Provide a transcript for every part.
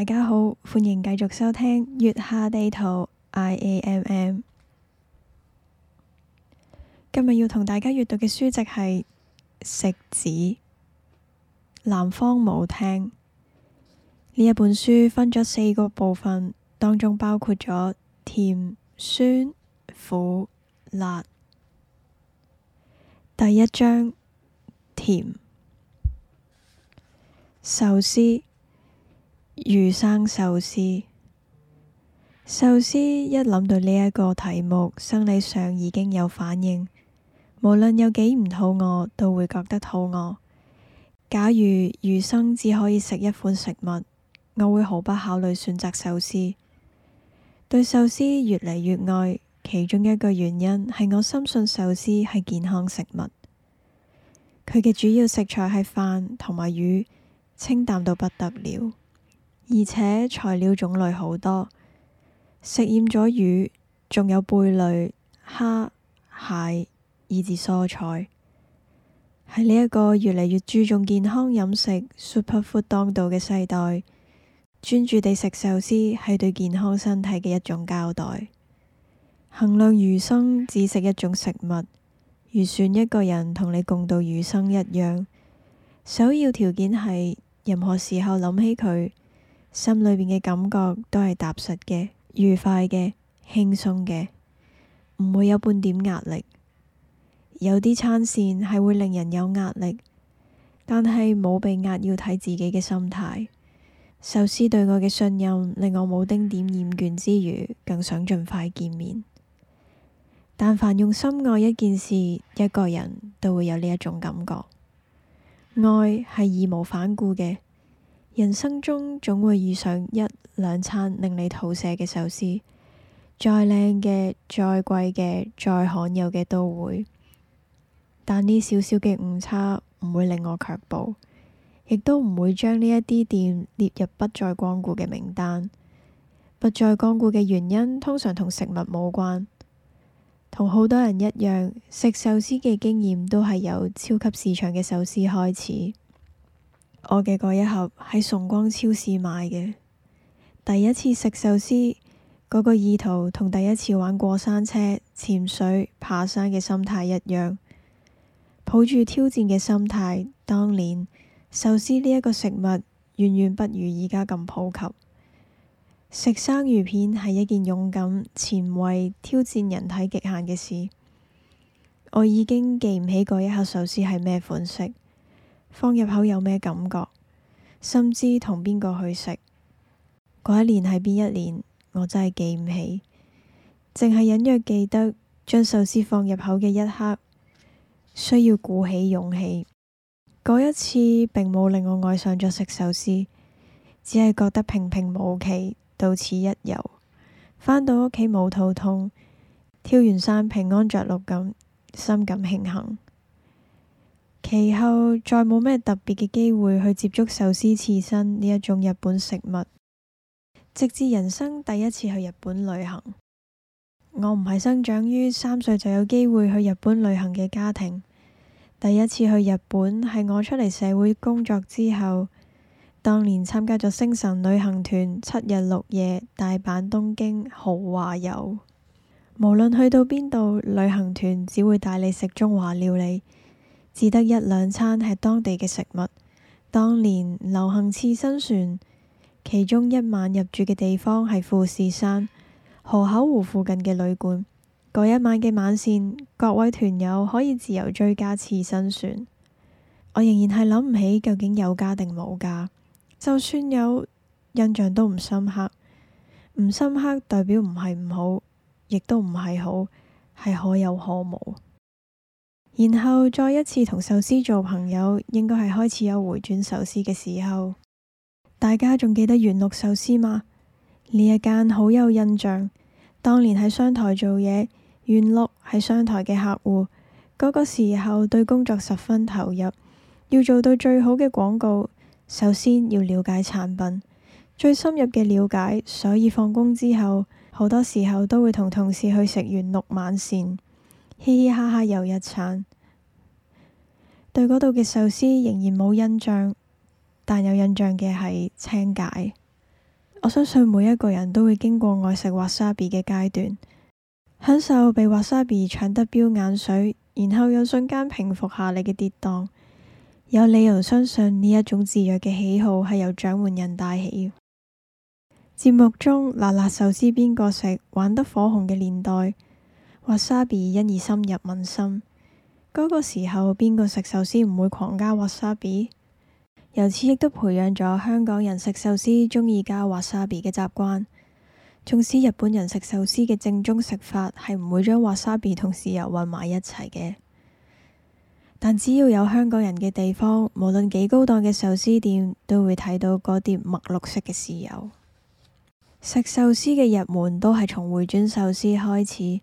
大家好，歡迎繼續收聽《月下地圖 IAMM》I AM M。今日要同大家閱讀嘅書籍係《食旨》，南方舞廳。呢一本書分咗四個部分，當中包括咗甜、酸、苦、辣。第一章，甜。壽司。餘生壽司，壽司，一諗到呢一個題目，生理上已經有反應，無論有幾唔肚餓，都會覺得肚餓。假如餘生只可以食一款食物，我會毫不考慮選擇壽司。對壽司越嚟越愛，其中一個原因係我深信壽司係健康食物，佢嘅主要食材係飯同埋魚，清淡到不得了。而且材料種類好多，食厭咗魚，仲有貝類、蝦、蟹，以至蔬菜。喺呢一個越嚟越注重健康飲食、super food 當道嘅世代，專注地食壽司係對健康身體嘅一種交代。衡量餘生只食一種食物，如算一個人同你共度餘生一樣，首要條件係任何時候諗起佢，心裏邊嘅感覺都係踏實嘅、愉快嘅、輕鬆嘅，唔會有半點壓力。有啲餐線係會令人有壓力，但係冇被壓要睇自己嘅心態。壽司對我嘅信任令我冇丁點，點厭倦之餘，更想盡快見面。但凡用心愛一件事、一個人，都會有呢一種感覺。愛係義無反顧嘅。人生中總會遇上一兩餐令你吐瀉嘅壽司，再靚嘅、再貴嘅、再罕有嘅都會。但呢少少嘅誤差唔會令我卻步，亦都唔會將呢一啲店列入不再光顧嘅名單。不再光顧嘅原因通常同食物冇關。同好多人一樣，食壽司嘅經驗都係由超級市場嘅壽司開始。我嘅嗰一盒喺崇光超市買嘅，第一次食壽司嗰個意圖同第一次玩過山車、潛水、爬山嘅心態一樣，抱住挑戰嘅心態。當年壽司呢一個食物遠遠不如而家咁普及，食生魚片係一件勇敢、前衛、挑戰人體極限嘅事。我已經記唔起嗰一盒壽司係咩款式。放入口有咩感覺？心知同邊個去食？嗰一年係邊一年？我真係記唔起，淨係隱約記得將壽司放入口嘅一刻，需要鼓起勇氣。嗰一次並冇令我愛上咗食壽司，只係覺得平平無奇。到此一遊，返到屋企冇肚痛，跳完山平安着陸咁，深感慶幸。其後再冇咩特別嘅機會去接觸壽司刺身呢一種日本食物，直至人生第一次去日本旅行。我唔係生長於三歲就有機會去日本旅行嘅家庭。第一次去日本係我出嚟社會工作之後，當年參加咗星晨旅行團七日六夜大阪東京豪華遊。無論去到邊度，旅行團只會帶你食中華料理。只得一兩餐係當地嘅食物。當年流行刺身船，其中一晚入住嘅地方係富士山河口湖附近嘅旅館。嗰一晚嘅晚膳，各位團友可以自由追加刺身船。我仍然係諗唔起究竟有加定冇加。就算有，印象都唔深刻，唔深刻代表唔係唔好，亦都唔係好，係可有可無。然後再一次同壽司做朋友，應該係開始有回轉壽司嘅時候。大家仲記得元綠壽司嗎？呢一間好有印象。當年喺商台做嘢，元綠係商台嘅客戶。嗰、嗰個時候對工作十分投入，要做到最好嘅廣告，首先要了解產品最深入嘅了解。所以放工之後，好多時候都會同同事去食元綠晚膳，嘻嘻哈哈又一餐。對嗰度嘅壽司仍然冇印象，但有印象嘅係清解。我相信每一個人都會經過愛食 wasabi 嘅階段，享受被 wasabi 搶得飆眼水，然後又瞬間平復下你嘅跌宕。有理由相信呢一種自虐嘅喜好係由掌門人帶起。節目中辣辣壽司邊個食玩得火紅嘅年代，wasabi 因而深入民心。嗰個時候，邊個食壽司唔會狂加滑沙比？由此亦都培養咗香港人食壽司鍾意加滑沙比嘅習慣。縱使日本人食壽司嘅正宗食法係唔會將滑沙比同豉油混埋一齊嘅，但只要有香港人嘅地方，無論幾高檔嘅壽司店，都會睇到嗰碟墨綠色嘅豉油。食壽司嘅入門都係從回轉壽司開始。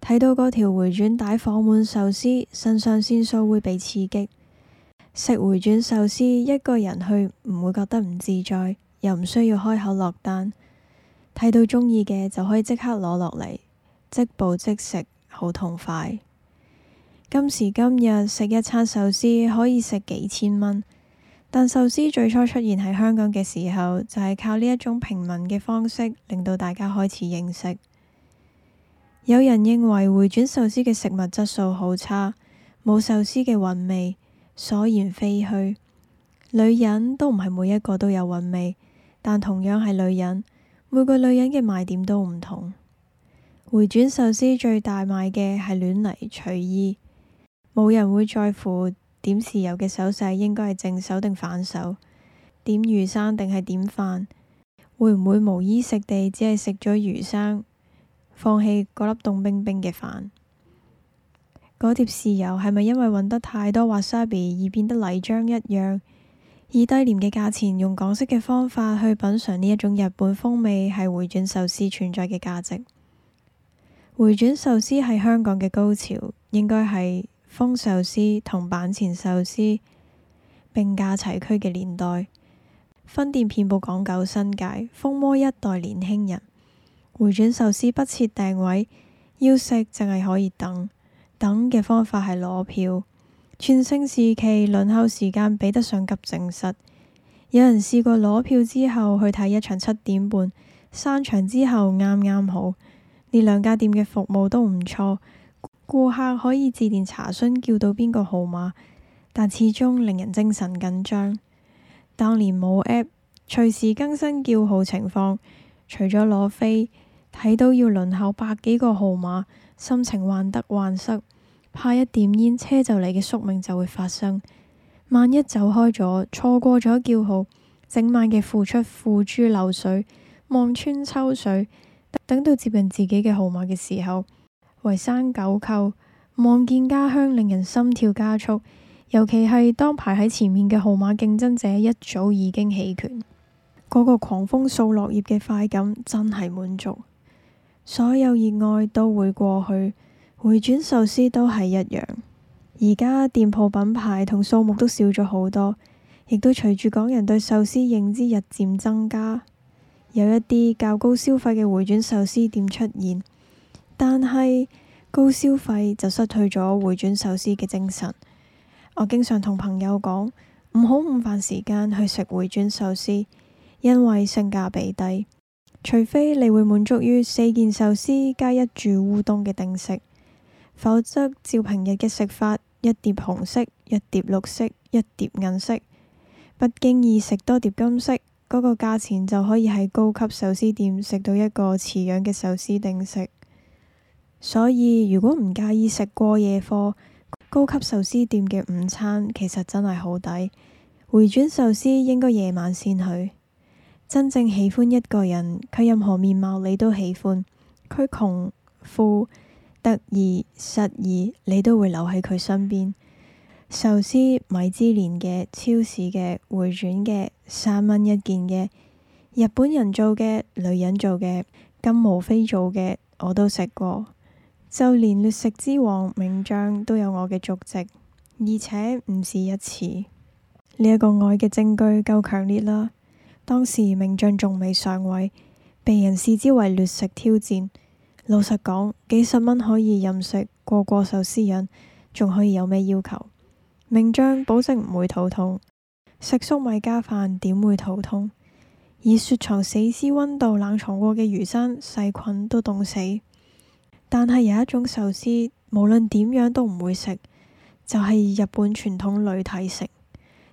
睇到嗰條回轉帶放滿壽司，腎上腺素會被刺激。食回轉壽司，一個人去唔會覺得唔自在，又唔需要開口落單。睇到鍾意嘅就可以即刻攞落嚟，即抱即食，好痛快。今時今日食一餐壽司可以食幾千蚊，但壽司最初出現喺香港嘅時候，就係、是、靠呢一種平民嘅方式，令到大家開始認識。有人認為回轉壽司嘅食物質素好差，冇壽司嘅韻味，所言非虛。女人都唔係每一個都有韻味，但同樣係女人，每個女人嘅賣點都唔同。回轉壽司最大賣嘅係亂嚟隨意，冇人會在乎點豉油嘅手勢應該係正手定反手，點魚生定係點飯，會唔會無衣食地只係食咗魚生？放棄嗰粒凍冰冰嘅飯，嗰碟豉油係咪因為搵得太多 wasabi 而變得泥漿一樣？以低廉嘅價錢，用港式嘅方法去品嚐呢一種日本風味，係回轉壽司存在嘅價值。回轉壽司係香港嘅高潮，應該係豐壽司同板前壽司並駕齊驅嘅年代，分店遍佈港九新界，風靡一代年輕人。回轉壽司不設訂位，要食淨係可以等，等嘅方法係攞票。全盛時期輪候時間比得上急症室。有人試過攞票之後去睇一場七點半，散場之後啱啱好。呢兩家店嘅服務都唔錯，顧客可以致電查詢叫到邊個號碼，但始終令人精神緊張。當年冇 app 隨時更新叫號情況，除咗攞飛。睇到要輪候百幾個號碼，心情患得患失，怕一點煙車就嚟嘅宿命就會發生。萬一走開咗，錯過咗叫號，整晚嘅付出付諸流水，望穿秋水，等到接近自己嘅號碼嘅時候，為生九叩，望見家鄉，令人心跳加速。尤其係當排喺前面嘅號碼競爭者一早已經棄權，嗰個狂風掃落葉嘅快感真係滿足。所有熱愛都會過去，回轉壽司都係一樣。而家店鋪品牌同數目都少咗好多，亦都隨住港人對壽司認知日漸增加，有一啲較高消費嘅回轉壽司店出現。但係高消費就失去咗回轉壽司嘅精神。我經常同朋友講，唔好午飯時間去食回轉壽司，因為性價比低。除非你會滿足於四件壽司加一注烏冬嘅定食，否則照平日嘅食法，一碟紅色、一碟綠色、一碟銀色，不經意食多碟金色，嗰個價錢就可以喺高級壽司店食到一個似樣嘅壽司定食。所以如果唔介意食過夜貨，高級壽司店嘅午餐其實真係好抵。回轉壽司應該夜晚先去。真正喜歡一個人，佢任何面貌你都喜歡，佢窮富得意失意，你都會留喺佢身邊。壽司米芝蓮嘅、超市嘅、回轉嘅、三蚊一件嘅，日本人做嘅、女人做嘅、金毛飛做嘅，我都食過。就連劣食之王名將都有我嘅足跡，而且唔止一次。呢一個愛嘅證據夠強烈啦～當時名將仲未上位，被人視之為劣食挑戰。老實講，幾十蚊可以任食個個壽司人，仲可以有咩要求？名將保證唔會肚痛，食粟米加飯點會肚痛？以雪藏死屍溫度冷藏過嘅魚生，細菌都凍死。但係有一種壽司，無論點樣都唔會食，就係、是、日本傳統女體食，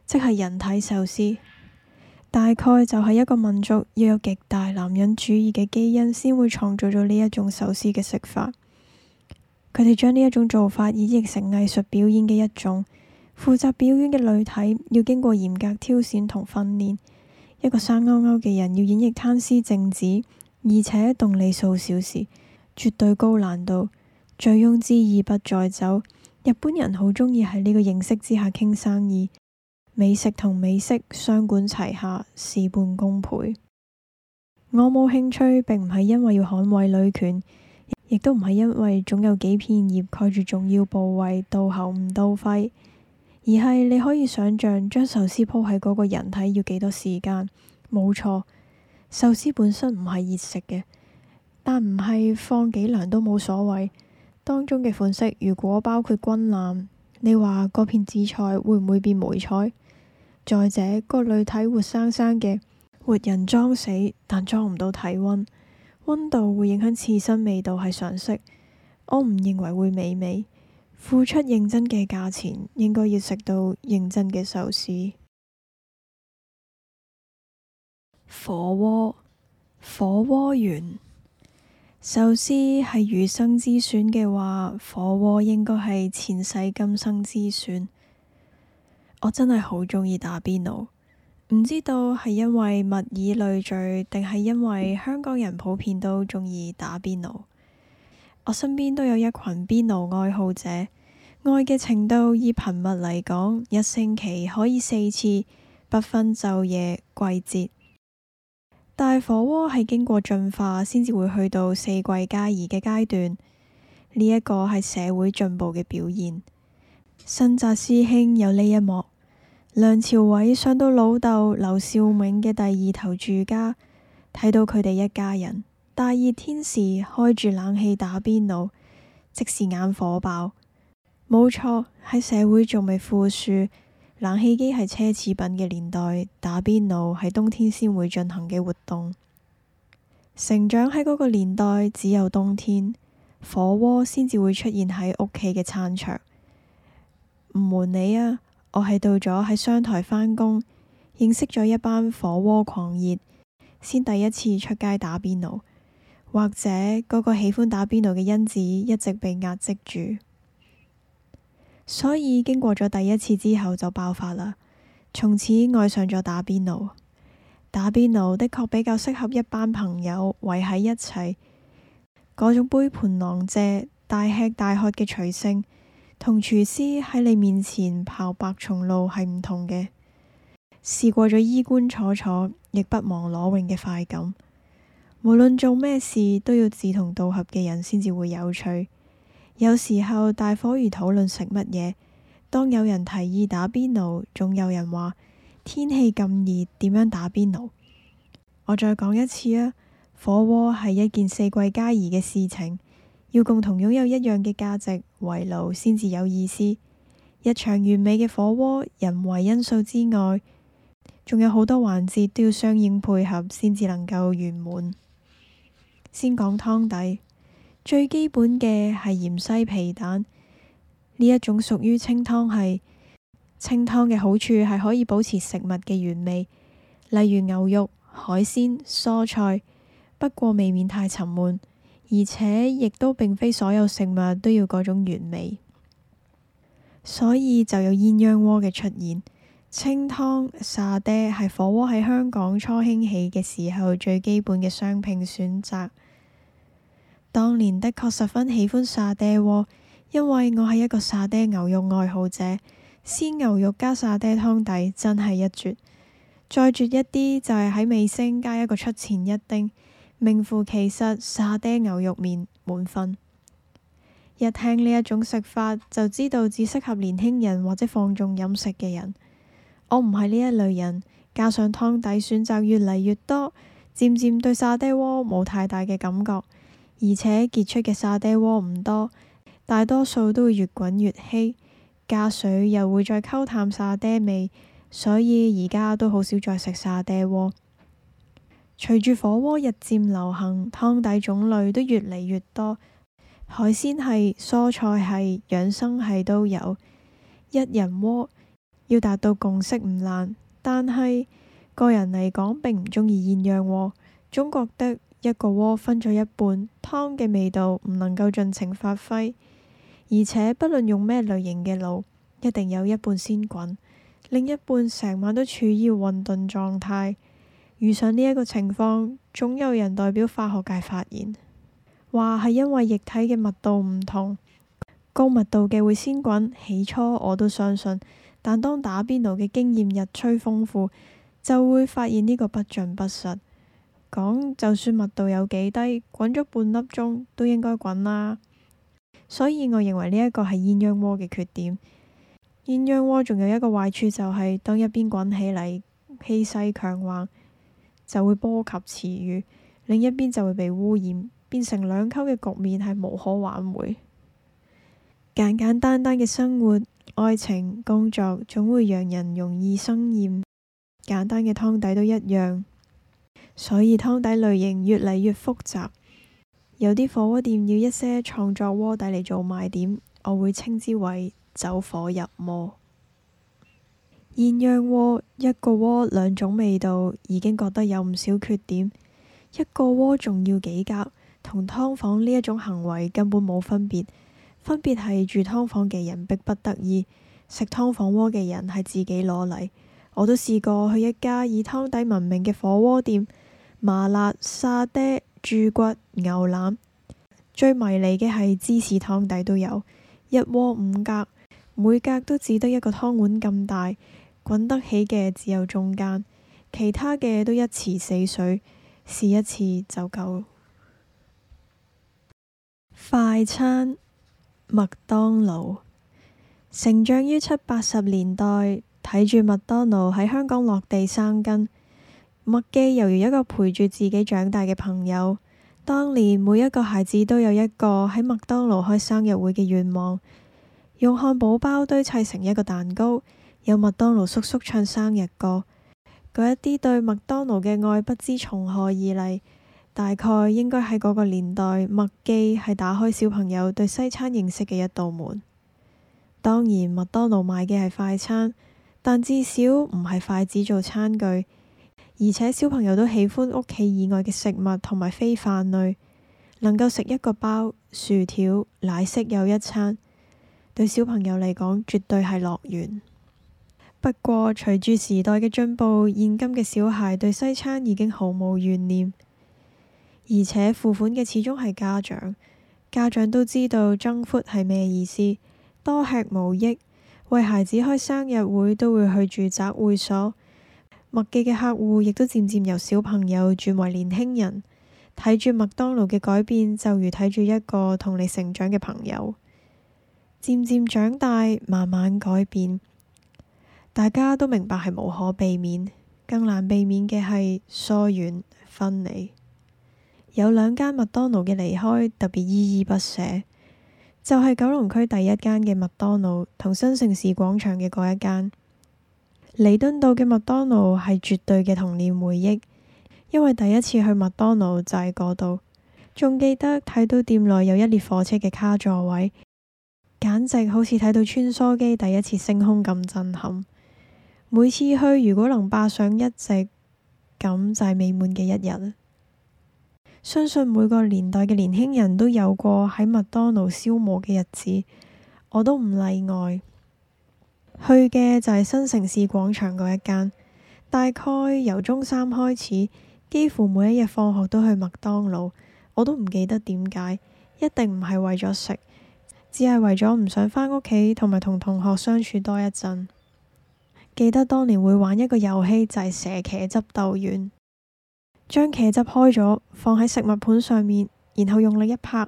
即係人體壽司。大概就係一個民族要有極大男人主義嘅基因，先會創造咗呢一種壽司嘅食法。佢哋將呢一種做法演繹成藝術表演嘅一種。負責表演嘅女體要經過嚴格挑選同訓練。一個生勾勾嘅人要演繹攤屍靜止，而且凍你數小時，絕對高難度。醉翁之意不在酒，日本人好鍾意喺呢個形式之下傾生意。美食同美色雙管齊下，事半功倍。我冇興趣，並唔係因為要捍衛女權，亦都唔係因為總有幾片葉蓋住重要部位到喉唔到肺，而係你可以想象將壽司鋪喺嗰個人體要幾多時間？冇錯，壽司本身唔係熱食嘅，但唔係放幾涼都冇所謂。當中嘅款式如果包括軍艦，你話嗰片紫菜會唔會變梅菜？再者，個女體活生生嘅活人裝死，但裝唔到體温，温度會影響刺身味道係常識。我唔認為會美味，付出認真嘅價錢，應該要食到認真嘅壽司。火鍋，火鍋緣。壽司係餘生之選嘅話，火鍋應該係前世今生之選。我真係好鍾意打邊爐，唔知道係因為物以類聚，定係因為香港人普遍都鍾意打邊爐。我身邊都有一群邊爐愛好者，愛嘅程度以頻密嚟講，一星期可以四次，不分晝夜、季節。大火鍋係經過進化先至會去到四季皆宜嘅階段，呢一個係社會進步嘅表現。新紮師兄有呢一幕。梁朝偉上到老豆劉少敏嘅第二頭住家，睇到佢哋一家人大熱天時開住冷氣打邊爐，即時眼火爆。冇錯，喺社會仲未富庶，冷氣機係奢侈品嘅年代，打邊爐係冬天先會進行嘅活動。成長喺嗰個年代，只有冬天火鍋先至會出現喺屋企嘅餐桌。唔瞞你啊！我係到咗喺商台返工，認識咗一班火鍋狂熱，先第一次出街打邊爐，或者嗰個喜歡打邊爐嘅因子一直被壓抑住，所以經過咗第一次之後就爆發啦，從此愛上咗打邊爐。打邊爐的確比較適合一班朋友圍喺一齊，嗰種杯盤狼藉、大吃大喝嘅隨性。同廚師喺你面前刨白松露係唔同嘅。試過咗衣冠楚楚，亦不忘裸泳嘅快感。無論做咩事，都要志同道合嘅人先至會有趣。有時候大伙兒討論食乜嘢，當有人提議打邊爐，總有人話天氣咁熱，點樣打邊爐？我再講一次啊，火鍋係一件四季皆宜嘅事情，要共同擁有一樣嘅價值。圍爐先至有意思。一場完美嘅火鍋，人為因素之外，仲有好多環節都要相應配合先至能夠圓滿。先講湯底，最基本嘅係芫茜皮蛋，呢一種屬於清湯系，清湯嘅好處係可以保持食物嘅原味，例如牛肉、海鮮、蔬菜，不過未免太沉悶。而且亦都並非所有食物都要嗰種完美，所以就有鴛鴦鍋嘅出現。清湯沙爹係火鍋喺香港初興起嘅時候最基本嘅商品選擇。當年的確十分喜歡沙爹鍋，因為我係一個沙爹牛肉愛好者，鮮牛肉加沙爹湯底真係一絕。再絕一啲就係喺尾聲加一個出前一丁。名副其實沙爹牛肉麵滿分。一聽呢一種食法，就知道只適合年輕人或者放縱飲食嘅人。我唔係呢一類人，加上湯底選擇越嚟越多，漸漸對沙爹鍋冇太大嘅感覺，而且傑出嘅沙爹鍋唔多，大多數都會越滾越稀，加水又會再溝淡沙爹味，所以而家都好少再食沙爹鍋。隨住火鍋日漸流行，湯底種類都越嚟越多，海鮮系、蔬菜系、養生系都有。一人鍋要達到共識唔難，但係個人嚟講並唔鍾意鴛鴦鍋，總覺得一個鍋分咗一半，湯嘅味道唔能夠盡情發揮。而且不論用咩類型嘅爐，一定有一半先滾，另一半成晚都處於混沌狀態。遇上呢一個情況，總有人代表化學界發言，話係因為液體嘅密度唔同，高密度嘅會先滾。起初我都相信，但當打邊爐嘅經驗日趨豐富，就會發現呢個不盡不實。講就算密度有幾低，滾咗半粒鐘都應該滾啦。所以我認為呢一個係鴛鴦鍋嘅缺點。鴛鴦鍋仲有一個壞處就係當一邊滾起嚟，氣勢強橫。就會波及詞語，另一邊就會被污染，變成兩溝嘅局面係無可挽回。簡簡單單嘅生活、愛情、工作，總會讓人容易生厭。簡單嘅湯底都一樣，所以湯底類型越嚟越複雜。有啲火鍋店要一些創作鍋底嚟做賣點，我會稱之為走火入魔。鴛鴦鍋，一個鍋兩種味道，已經覺得有唔少缺點。一個鍋仲要幾格，同劏房呢一種行為根本冇分別。分別係住劏房嘅人逼不得已，食劏房鍋嘅人係自己攞嚟。我都試過去一家以湯底聞名嘅火鍋店，麻辣、沙爹、豬骨、牛腩，最迷你嘅係芝士湯底都有。一鍋五格，每格都只得一個湯碗咁大。滾得起嘅只有中間，其他嘅都一池死水，試一次就夠。快餐，麥當勞成長於七八十年代，睇住麥當勞喺香港落地生根。麥記猶如一個陪住自己長大嘅朋友。當年每一個孩子都有一個喺麥當勞開生日會嘅願望，用漢堡包堆砌成一個蛋糕。有麥當勞叔叔唱生日歌，嗰一啲對麥當勞嘅愛不知從何而嚟。大概應該喺嗰個年代，麥記係打開小朋友對西餐認識嘅一道門。當然，麥當勞賣嘅係快餐，但至少唔係筷子做餐具，而且小朋友都喜歡屋企以外嘅食物同埋非飯類，能夠食一個包、薯條、奶昔又一餐，對小朋友嚟講絕對係樂園。不過隨住時代嘅進步，現今嘅小孩對西餐已經毫無怨念，而且付款嘅始終係家長。家長都知道 junk food 係咩意思，多吃無益。為孩子開生日會都會去住宅會所。麥記嘅客戶亦都漸漸由小朋友轉為年輕人。睇住麥當勞嘅改變，就如睇住一個同你成長嘅朋友，漸漸長大，慢慢改變。大家都明白係無可避免，更難避免嘅係疏遠、分離。有兩間麥當勞嘅離開特別依依不捨，就係九龍區第一間嘅麥當勞同新城市廣場嘅嗰一間。彌敦道嘅麥當勞係絕對嘅童年回憶，因為第一次去麥當勞就喺嗰度，仲記得睇到店內有一列火車嘅卡座位，簡直好似睇到穿梭機第一次升空咁震撼。每次去，如果能霸上一席咁就係美滿嘅一日。相信每個年代嘅年輕人都有過喺麥當勞消磨嘅日子，我都唔例外。去嘅就係新城市廣場嗰一間，大概由中三開始，幾乎每一日放學都去麥當勞。我都唔記得點解，一定唔係為咗食，只係為咗唔想翻屋企，同埋同同學相處多一陣。記得當年會玩一個遊戲，就係、是、射茄汁斗丸，將茄汁開咗放喺食物盤上面，然後用力一拍，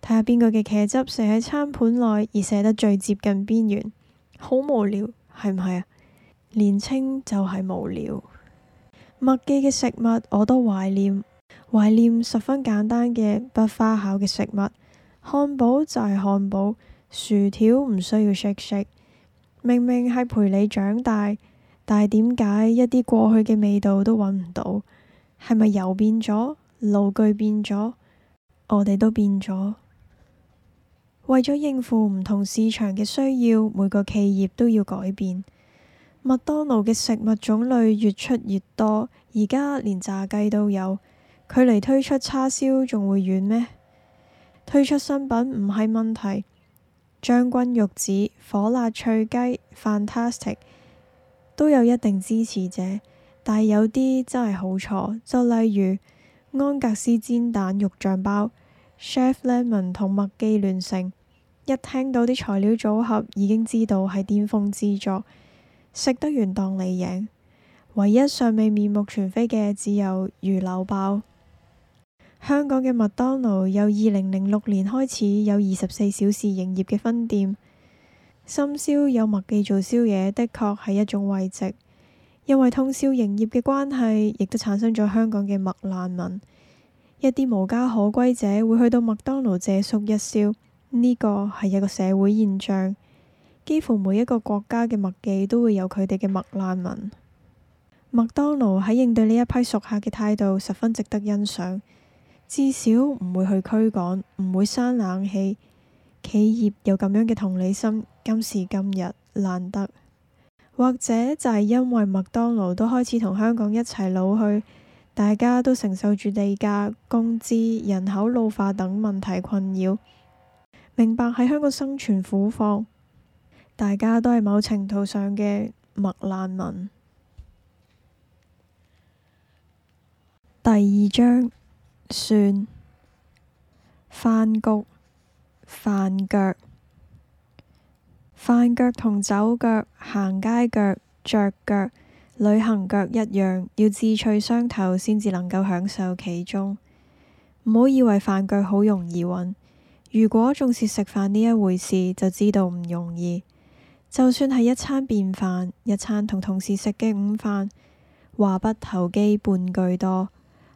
睇下邊個嘅茄汁射喺餐盤內而射得最接近邊緣。好無聊，係唔係啊？年青就係無聊。麥記嘅食物我都懷念，懷念十分簡單嘅不花巧嘅食物，漢堡就係漢堡，薯條唔需要 shake shake。明明係陪你長大，但係點解一啲過去嘅味道都揾唔到？係咪油變咗，爐具變咗，我哋都變咗？為咗應付唔同市場嘅需要，每個企業都要改變。麥當勞嘅食物種類越出越多，而家連炸雞都有，距離推出叉燒仲會遠咩？推出新品唔係問題。將軍玉子、火辣脆雞、Fantastic 都有一定支持者，但係有啲真係好錯。就例如安格斯煎蛋肉醬包、Chef Lemon 同麥記聯乘，一聽到啲材料組合已經知道係巔峰之作，食得完當你贏。唯一尚未面，面目全非嘅只有魚柳包。香港嘅麥當勞由二零零六年開始有二十四小時營業嘅分店，深宵有麥記做宵夜的確係一種慰藉。因為通宵營業嘅關係，亦都產生咗香港嘅麥難民，一啲無家可歸者會去到麥當勞借宿一宵。呢個係一個社會現象，幾乎每一個國家嘅麥記都會有佢哋嘅麥難民。麥當勞喺應對呢一批熟客嘅態度十分值得欣賞。至少唔會去驅趕，唔會閂冷氣。企業有咁樣嘅同理心，今時今日難得。或者就係因為麥當勞都開始同香港一齊老去，大家都承受住地價、工資、人口老化等問題困擾，明白喺香港生存苦況，大家都係某程度上嘅麥難民。第二章。算、飯局、飯腳、飯腳同走腳、行街腳、着腳、旅行腳一樣，要志趣相投，先至能夠享受其中。唔好以為飯腳好容易揾，如果重視食飯呢一回事，就知道唔容易。就算係一餐便飯，一餐同同事食嘅午飯，話不投機半句多。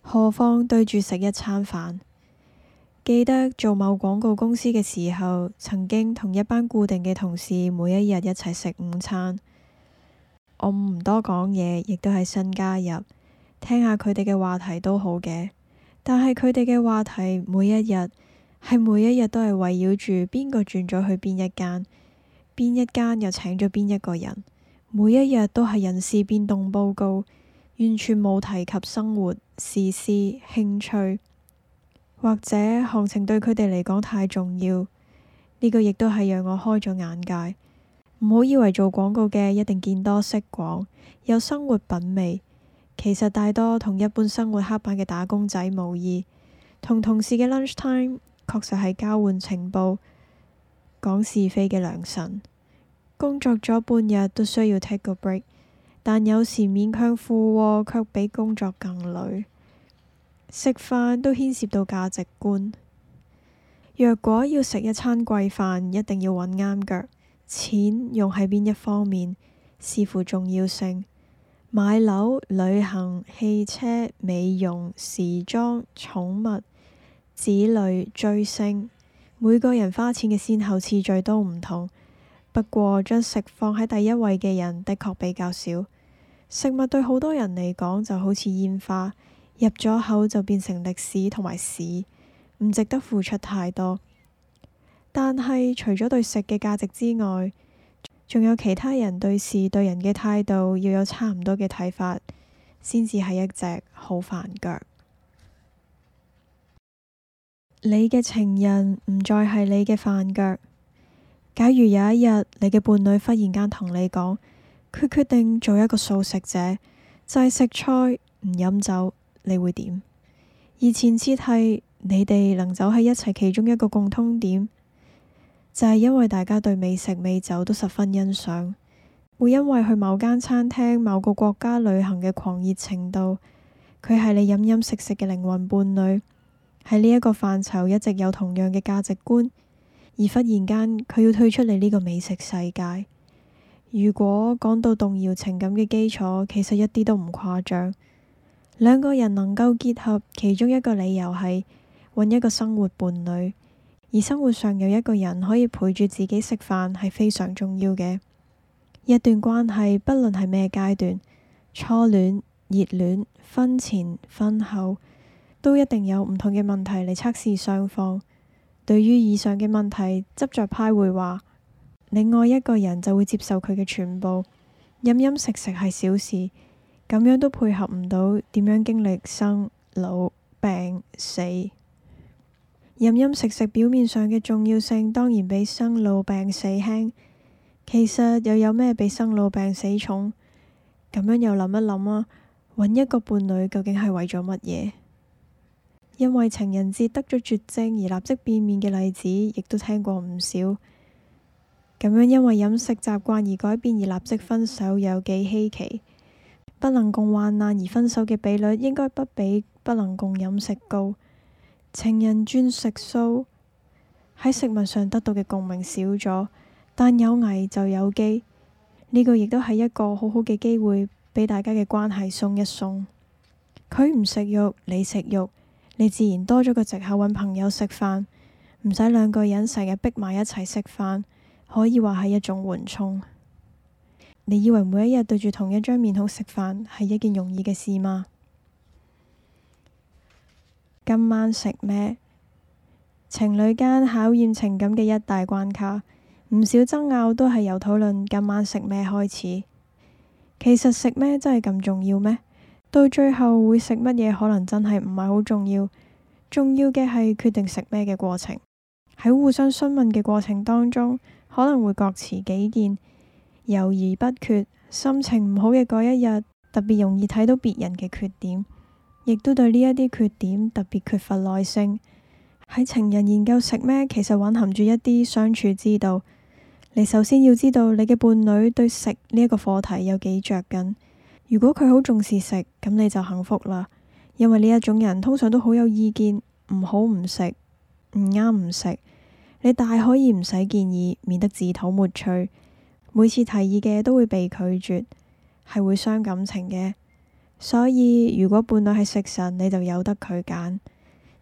何況對住食一餐飯，記得做某廣告公司嘅時候，曾經同一班固定嘅同事每一日一齊食午餐。我唔多講嘢，亦都係新加入，聽下佢哋嘅話題都好嘅。但係佢哋嘅話題每一日係每一日都係圍繞住邊個轉咗去邊一間，邊一間又請咗邊一個人，每一日都係人事變動報告，完全冇提及生活。時事、興趣或者行情對佢哋嚟講太重要，呢個亦都係讓我開咗眼界。唔好以為做廣告嘅一定見多識廣，有生活品味，其實大多同一般生活黑板嘅打工仔無異。同同事嘅 lunch time 確實係交換情報、講是非嘅良辰。工作咗半日都需要 take a break。但有時勉強附和，卻比工作更累。食飯都牽涉到價值觀。若果要食一餐貴飯，一定要揾啱腳。錢用喺邊一方面，視乎重要性。買樓、旅行、汽車、美容、時裝、寵物、子女、追星，每個人花錢嘅先後次序都唔同。不過將食放喺第一位嘅人，的確比較少。食物對好多人嚟講就好似煙花，入咗口就變成歷史同埋屎，唔值得付出太多。但係除咗對食嘅價值之外，仲有其他人對事對人嘅態度，要有差唔多嘅睇法，先至係一隻好飯腳。你嘅情人唔再係你嘅飯腳。假如有一日你嘅伴侶忽然間同你講。佢決定做一個素食者，就係食菜唔飲酒，你會點？而前次係你哋能走喺一齊，其中一個共通點就係因為大家對美食美酒都十分欣賞，會因為去某間餐廳、某個國家旅行嘅狂熱程度，佢係你飲飲食食嘅靈魂伴侶，喺呢一個範疇一直有同樣嘅價值觀，而忽然間佢要退出你呢個美食世界。如果講到動搖情感嘅基礎，其實一啲都唔誇張。兩個人能夠結合，其中一個理由係揾一個生活伴侶，而生活上有一個人可以陪住自己食飯，係非常重要嘅。一段關係，不論係咩階段，初戀、熱戀、婚前、婚後，都一定有唔同嘅問題嚟測試雙方。對於以上嘅問題，執着派會話：你愛一個人就會接受佢嘅全部，飲飲食食係小事，咁樣都配合唔到，點樣經歷生老病死？飲飲食食表面上嘅重要性當然比生老病死輕，其實又有咩比生老病死重？咁樣又諗一諗啊，搵一個伴侶究竟係為咗乜嘢？因為情人節得咗絕症而立即變面嘅例子，亦都聽過唔少。咁樣因為飲食習慣而改變而立即分手有幾稀奇？不能共患難而分手嘅比率應該不比不能共飲食高。情人轉食素，喺食物上得到嘅共鳴少咗，但有危就有機，呢個亦都係一個好好嘅機會，畀大家嘅關係鬆一鬆。佢唔食肉，你食肉，你自然多咗個借口搵朋友食飯，唔使兩個人成日逼埋一齊食飯。可以話係一種緩衝。你以為每一日對住同一張面孔食飯係一件容易嘅事嗎？今晚食咩？情侶間考驗情感嘅一大關卡，唔少爭拗都係由討論今晚食咩開始。其實食咩真係咁重要咩？到最後會食乜嘢可能真係唔係好重要，重要嘅係決定食咩嘅過程。喺互相詢問嘅過程當中。可能會各持己見，猶豫不決。心情唔好嘅嗰一日，特別容易睇到別人嘅缺點，亦都對呢一啲缺點特別缺乏耐性。喺情人研究食咩，其實蘊含住一啲相處之道。你首先要知道你嘅伴侶對食呢一個課題有幾着緊。如果佢好重視食，咁你就幸福啦，因為呢一種人通常都好有意見，唔好唔食，唔啱唔食。你大可以唔使建議，免得自討沒趣。每次提議嘅都會被拒絕，係會傷感情嘅。所以如果伴侶係食神，你就由得佢揀，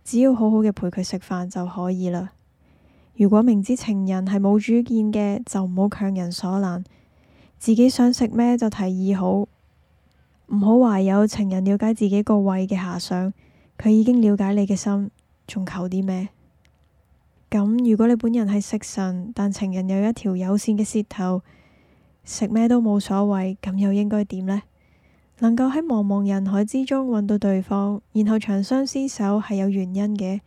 只要好好嘅陪佢食飯就可以啦。如果明知情人係冇主見嘅，就唔好強人所難，自己想食咩就提議好，唔好懷有情人了解自己個胃嘅遐想。佢已經了解你嘅心，仲求啲咩？咁如果你本人係食神，但情人有一條友善嘅舌頭，食咩都冇所謂，咁又應該點呢？能夠喺茫茫人海之中揾到對方，然後長相廝守係有原因嘅，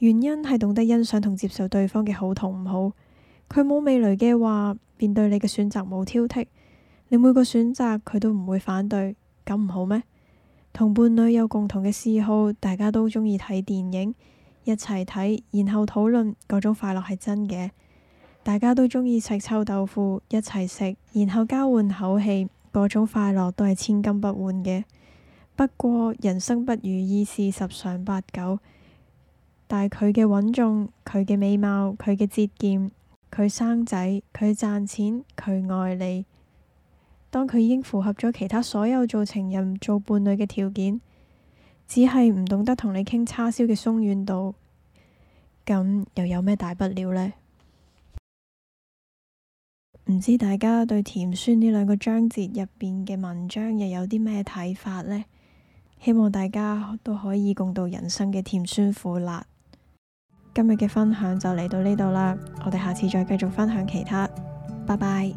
原因係懂得欣賞同接受對方嘅好同唔好。佢冇味蕾嘅話，便對你嘅選擇冇挑剔，你每個選擇佢都唔會反對，咁唔好咩？同伴侶有共同嘅嗜好，大家都鍾意睇電影。一齊睇，然後討論嗰種快樂係真嘅，大家都鍾意食臭豆腐，一齊食，然後交換口氣，嗰種快樂都係千金不換嘅。不過人生不如意事十常八九，但係佢嘅穩重、佢嘅美貌、佢嘅節儉、佢生仔、佢賺錢、佢愛你，當佢已經符合咗其他所有做情人、做伴侶嘅條件。只係唔懂得同你傾叉燒嘅鬆軟度，咁又有咩大不了呢？唔知大家對甜酸呢兩個章節入邊嘅文章又有啲咩睇法呢？希望大家都可以共度人生嘅甜酸苦辣。今日嘅分享就嚟到呢度啦，我哋下次再繼續分享其他。拜拜。